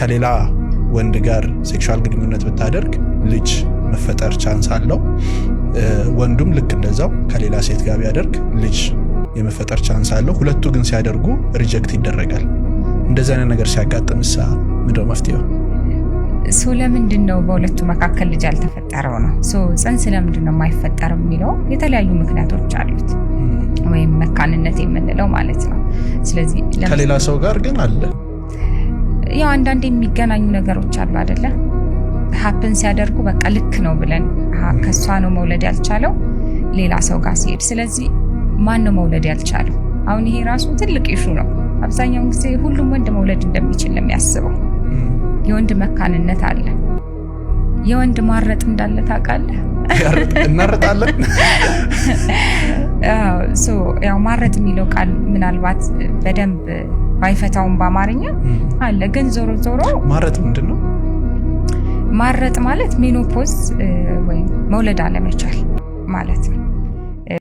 ከሌላ ወንድ ጋር ሴክሹዋል ግንኙነት ብታደርግ ልጅ መፈጠር ቻንስ አለው። ወንዱም ልክ እንደዛው ከሌላ ሴት ጋር ቢያደርግ ልጅ የመፈጠር ቻንስ አለው። ሁለቱ ግን ሲያደርጉ ሪጀክት ይደረጋል። እንደዚህ አይነት ነገር ሲያጋጥም ሳ ምንድነው መፍትሄው? ሶ ለምንድን ነው በሁለቱ መካከል ልጅ ያልተፈጠረው ነው? ጽንስ ለምንድን ነው የማይፈጠር የሚለው የተለያዩ ምክንያቶች አሉት፣ ወይም መካንነት የምንለው ማለት ነው። ስለዚህ ከሌላ ሰው ጋር ግን አለ ያው አንዳንድ የሚገናኙ ነገሮች አሉ አደለ ሀፕን ሲያደርጉ በቃ ልክ ነው ብለን ከእሷ ነው መውለድ ያልቻለው ሌላ ሰው ጋር ሲሄድ፣ ስለዚህ ማን ነው መውለድ ያልቻለው? አሁን ይሄ ራሱ ትልቅ ኢሹ ነው። አብዛኛውን ጊዜ ሁሉም ወንድ መውለድ እንደሚችል ነው የሚያስበው። የወንድ መካንነት አለ። የወንድ ማረጥ እንዳለ ታውቃለህ። እናረጣለን ያው ማረጥ የሚለው ቃል ምናልባት በደንብ ባይፈታውም በአማርኛ አለ። ግን ዞሮ ዞሮ ማረጥ ምንድን ነው? ማረጥ ማለት ሜኖፖዝ ወይም መውለድ አለመቻል ማለት ነው።